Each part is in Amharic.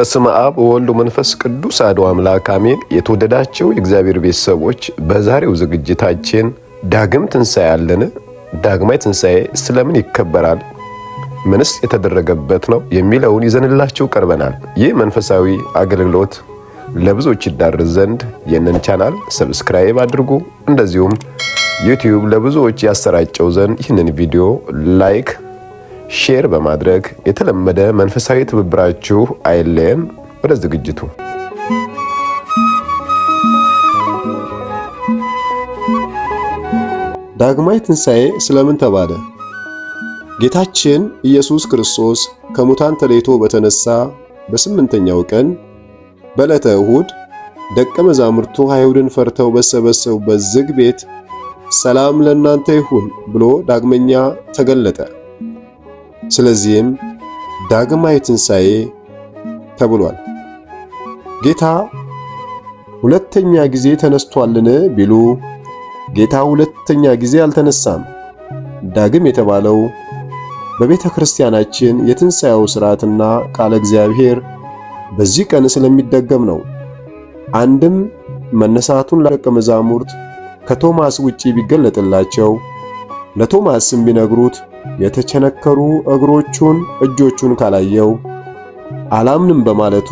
በስመ አብ ወወልድ መንፈስ ቅዱስ አሐዱ አምላክ አሜን። የተወደዳቸው የእግዚአብሔር ቤተሰቦች በዛሬው ዝግጅታችን ዳግም ትንሣኤ አለን? ዳግማይ ትንሣኤ ስለምን ይከበራል? ምንስ የተደረገበት ነው የሚለውን ይዘንላችሁ ቀርበናል። ይህ መንፈሳዊ አገልግሎት ለብዙዎች ይዳረስ ዘንድ ይህንን ቻናል ሰብስክራይብ አድርጉ። እንደዚሁም ዩቲዩብ ለብዙዎች ያሰራጨው ዘንድ ይህንን ቪዲዮ ላይክ ሼር በማድረግ የተለመደ መንፈሳዊ ትብብራችሁ አይለየን። ወደ ዝግጅቱ ዳግማይ ትንሣኤ ስለምን ተባለ? ጌታችን ኢየሱስ ክርስቶስ ከሙታን ተለይቶ በተነሳ በስምንተኛው ቀን በዕለተ እሁድ ደቀ መዛሙርቱ አይሁድን ፈርተው በሰበሰቡበት ዝግ ቤት ሰላም ለእናንተ ይሁን ብሎ ዳግመኛ ተገለጠ። ስለዚህም ዳግማዊ ትንሣኤ ተብሏል። ጌታ ሁለተኛ ጊዜ ተነስቷልን ቢሉ ጌታ ሁለተኛ ጊዜ አልተነሳም። ዳግም የተባለው በቤተ ክርስቲያናችን የትንሣኤው ሥርዓትና ቃለ እግዚአብሔር በዚህ ቀን ስለሚደገም ነው። አንድም መነሳቱን ለደቀ መዛሙርት ከቶማስ ውጪ ቢገለጥላቸው ለቶማስም ቢነግሩት የተቸነከሩ እግሮቹን እጆቹን ካላየው አላምንም በማለቱ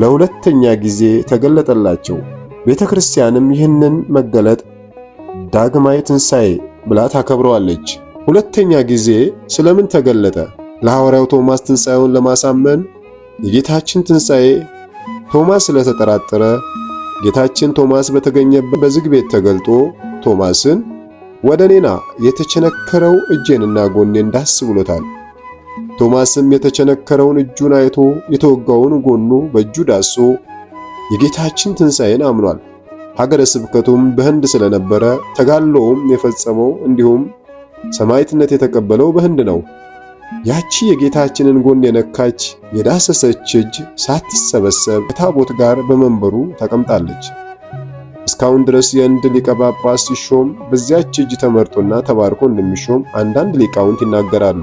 ለሁለተኛ ጊዜ ተገለጠላቸው። ቤተ ክርስቲያንም ይህንን መገለጥ ዳግማይ ትንሣኤ ብላ ታከብረዋለች። ሁለተኛ ጊዜ ስለምን ተገለጠ? ለሐዋርያው ቶማስ ትንሣኤውን ለማሳመን የጌታችን ትንሣኤ ቶማስ ስለተጠራጠረ ጌታችን ቶማስ በተገኘበት በዝግ ቤት ተገልጦ ቶማስን ወደ እኔና የተቸነከረው እጄንና ጎኔን ዳስ ብሎታል። ቶማስም የተቸነከረውን እጁን አይቶ የተወጋውን ጎኑ በእጁ ዳሶ የጌታችን ትንሣኤን አምኗል። ሀገረ ስብከቱም በህንድ ስለነበረ ተጋድሎውም የፈጸመው እንዲሁም ሰማዕትነት የተቀበለው በህንድ ነው። ያቺ የጌታችንን ጎን የነካች የዳሰሰች እጅ ሳትሰበሰብ ከታቦት ጋር በመንበሩ ተቀምጣለች። እስካሁን ድረስ የህንድ ሊቀ ጳጳስ ሲሾም በዚያች እጅ ተመርጦና ተባርኮ እንደሚሾም አንዳንድ ሊቃውንት ይናገራሉ።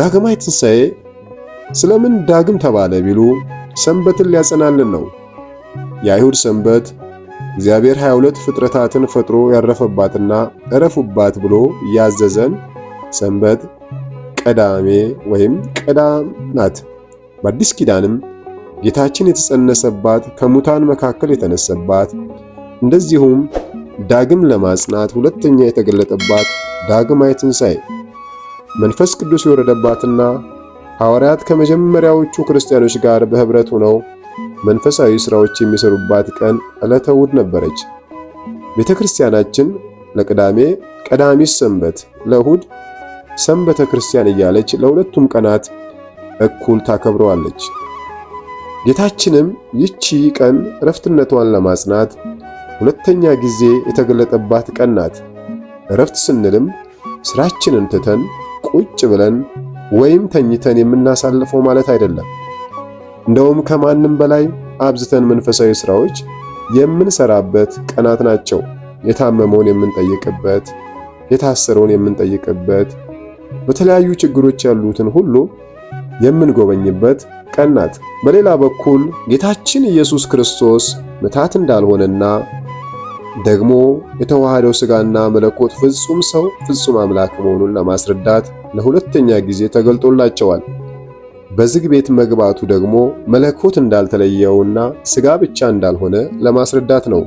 ዳግማይ ትንሣኤ ስለምን ዳግም ተባለ ቢሉ ሰንበትን ሊያጸናልን ነው። የአይሁድ ሰንበት እግዚአብሔር 22 ፍጥረታትን ፈጥሮ ያረፈባትና እረፉባት ብሎ እያዘዘን ሰንበት ቀዳሜ ወይም ቀዳም ናት። በአዲስ ኪዳንም ጌታችን የተጸነሰባት ከሙታን መካከል የተነሰባት እንደዚሁም ዳግም ለማጽናት ሁለተኛ የተገለጠባት ዳግማይ ትንሣኤ መንፈስ ቅዱስ የወረደባትና ሐዋርያት ከመጀመሪያዎቹ ክርስቲያኖች ጋር በኅብረት ሆነው መንፈሳዊ ሥራዎች የሚሰሩባት ቀን ዕለተ እሁድ ነበረች። ቤተ ክርስቲያናችን ለቅዳሜ ቀዳሚት ሰንበት፣ ለእሑድ ሰንበተ ክርስቲያን እያለች ለሁለቱም ቀናት እኩል ታከብረዋለች። ጌታችንም ይቺ ቀን እረፍትነቷን ለማጽናት ሁለተኛ ጊዜ የተገለጠባት ቀን ናት። እረፍት ስንልም ስራችንን ትተን ቁጭ ብለን ወይም ተኝተን የምናሳልፈው ማለት አይደለም። እንደውም ከማንም በላይ አብዝተን መንፈሳዊ ስራዎች የምንሰራበት ቀናት ናቸው። የታመመውን የምንጠይቅበት፣ የታሰረውን የምንጠይቅበት በተለያዩ ችግሮች ያሉትን ሁሉ የምንጎበኝበት ቀን ናት። በሌላ በኩል ጌታችን ኢየሱስ ክርስቶስ ምታት እንዳልሆነና ደግሞ የተዋሃደው ሥጋና መለኮት ፍጹም ሰው ፍጹም አምላክ መሆኑን ለማስረዳት ለሁለተኛ ጊዜ ተገልጦላቸዋል። በዝግ ቤት መግባቱ ደግሞ መለኮት እንዳልተለየውና ሥጋ ብቻ እንዳልሆነ ለማስረዳት ነው።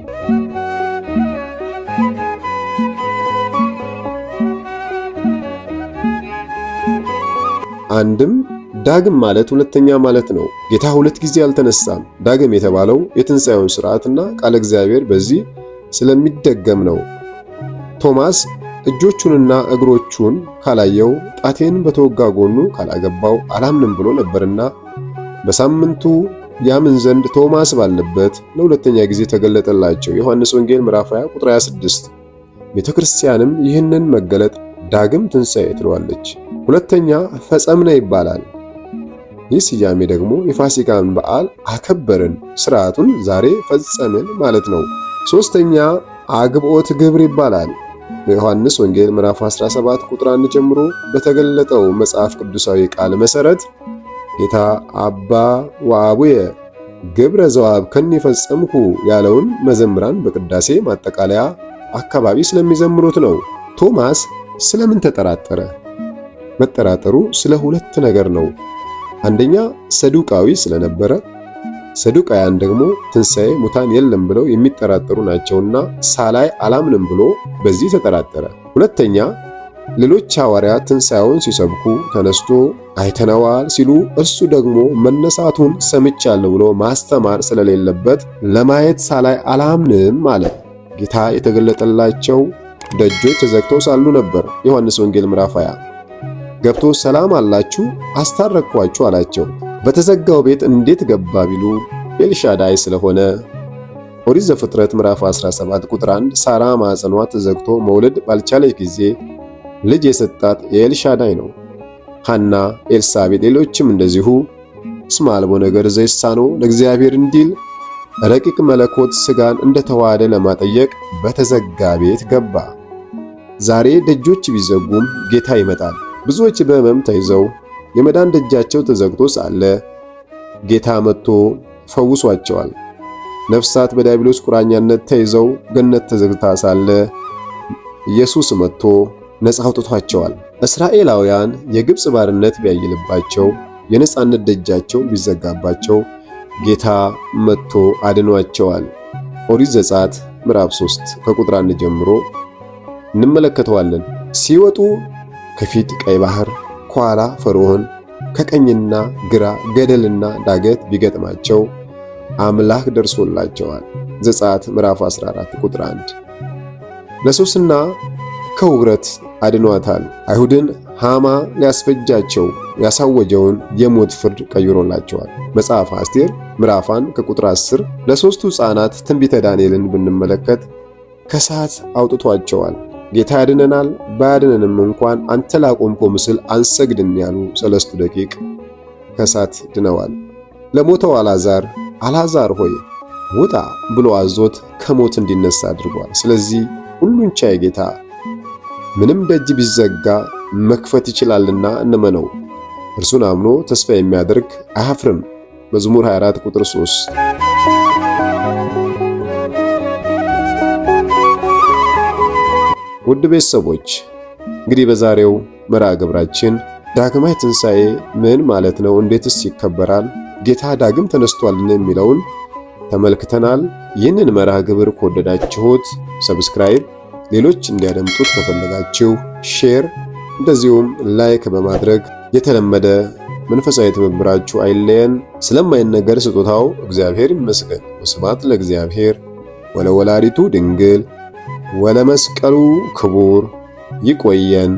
አንድም ዳግም ማለት ሁለተኛ ማለት ነው። ጌታ ሁለት ጊዜ አልተነሳም። ዳግም የተባለው የትንሣኤውን ሥርዓትና ቃለ እግዚአብሔር በዚህ ስለሚደገም ነው። ቶማስ እጆቹንና እግሮቹን ካላየው ጣቴን በተወጋ ጎኑ ካላገባው አላምንም ብሎ ነበርና በሳምንቱ ያምን ዘንድ ቶማስ ባለበት ለሁለተኛ ጊዜ ተገለጠላቸው። ዮሐንስ ወንጌል ምዕራፍ 20 ቁጥር 26። ቤተ ክርስቲያንም ይህንን መገለጥ ዳግም ትንሣኤ ትለዋለች። ሁለተኛ ፈጸምነ ይባላል። ይህ ስያሜ ደግሞ የፋሲካን በዓል አከበርን፣ ስርዓቱን ዛሬ ፈጸምን ማለት ነው። ሶስተኛ አግብኦት ግብር ይባላል። በዮሐንስ ወንጌል ምዕራፍ 17 ቁጥር 1 ጀምሮ በተገለጠው መጽሐፍ ቅዱሳዊ ቃል መሰረት ጌታ አባ ወአቡየ ግብረ ዘዋብ ከን ፈጸምኩ ያለውን መዘምራን በቅዳሴ ማጠቃለያ አካባቢ ስለሚዘምሩት ነው። ቶማስ ስለምን ተጠራጠረ? መጠራጠሩ ስለ ሁለት ነገር ነው። አንደኛ ሰዱቃዊ ስለነበረ፣ ሰዱቃውያን ደግሞ ትንሣኤ ሙታን የለም ብለው የሚጠራጠሩ ናቸውና ሳላይ አላምንም ብሎ በዚህ ተጠራጠረ። ሁለተኛ ሌሎች ሐዋርያ ትንሣኤውን ሲሰብኩ ተነስቶ አይተነዋል ሲሉ እርሱ ደግሞ መነሳቱን ሰምቻለሁ ብሎ ማስተማር ስለሌለበት ለማየት ሳላይ አላምንም አለ። ጌታ የተገለጠላቸው ደጆች ተዘግተው ሳሉ ነበር። ዮሐንስ ወንጌል ምዕራፍ 20 ገብቶ ሰላም አላችሁ አስታረቅኳችሁ አላቸው። በተዘጋው ቤት እንዴት ገባ ቢሉ ኤልሻዳይ ስለሆነ። ኦሪት ዘፍጥረት ምዕራፍ 17 ቁጥር 1 ሳራ ማዕፀኗ ተዘግቶ መውለድ ባልቻለች ጊዜ ልጅ የሰጣት የኤልሻዳይ ነው። ሐና፣ ኤልሳቤጥ፣ ሌሎችም እንደዚሁ ስማልቦ አልቦ ነገር ነው ለእግዚአብሔር እንዲል ረቂቅ መለኮት ስጋን እንደተዋሃደ ለማጠየቅ በተዘጋ ቤት ገባ። ዛሬ ደጆች ቢዘጉም ጌታ ይመጣል። ብዙዎች በህመም ተይዘው የመዳን ደጃቸው ተዘግቶ ሳለ ጌታ መጥቶ ፈውሷቸዋል። ነፍሳት በዲያብሎስ ቁራኛነት ተይዘው ገነት ተዘግታ ሳለ ኢየሱስ መጥቶ ነጻ አውጥቷቸዋል። እስራኤላውያን የግብፅ ባርነት ቢያይልባቸው፣ የነጻነት ደጃቸው ቢዘጋባቸው ጌታ መጥቶ አድኗቸዋል። ኦሪት ዘጸአት ምዕራፍ 3 ከቁጥር 1 ጀምሮ እንመለከተዋለን። ሲወጡ ከፊት ቀይ ባህር፣ ከኋላ ፈርዖን፣ ከቀኝና ግራ ገደልና ዳገት ቢገጥማቸው አምላክ ደርሶላቸዋል። ዘጸአት ምዕራፍ 14 ቁጥር 1 ለሶስና ከውግረት አድኗታል። አይሁድን ሃማ ሊያስፈጃቸው ያሳወጀውን የሞት ፍርድ ቀይሮላቸዋል። መጽሐፍ አስቴር ምዕራፋን ከቁጥር 10 ለሦስቱ ሕፃናት ትንቢተ ዳንኤልን ብንመለከት ከሰዓት አውጥቷቸዋል። ጌታ ያድነናል፣ ባያድነንም እንኳን አንተ ላቆምኮ ምስል አንሰግድን ያሉ ሰለስቱ ደቂቅ ከእሳት ድነዋል። ለሞተው አልዓዛር አልዓዛር ሆይ ውጣ ብሎ አዞት ከሞት እንዲነሳ አድርጓል። ስለዚህ ሁሉን ቻይ ጌታ ምንም ደጅ ቢዘጋ መክፈት ይችላልና እንመነው። እርሱን አምኖ ተስፋ የሚያደርግ አያፍርም። መዝሙር 24 ቁጥር 3 ውድ ቤተሰቦች እንግዲህ በዛሬው መርሃ ግብራችን ዳግማይ ትንሣኤ ምን ማለት ነው? እንዴትስ ይከበራል? ጌታ ዳግም ተነስቷልን? የሚለውን ተመልክተናል። ይህንን መርሃ ግብር ከወደዳችሁት ሰብስክራይብ፣ ሌሎች እንዲያደምጡት ከፈለጋችሁ ሼር፣ እንደዚሁም ላይክ በማድረግ የተለመደ መንፈሳዊ ትብብራችሁ አይለየን። ስለማይነገር ስጦታው እግዚአብሔር ይመስገን። ወስብሐት ለእግዚአብሔር ወለወላዲቱ ድንግል ወለመስቀሉ ክቡር ይቆየን።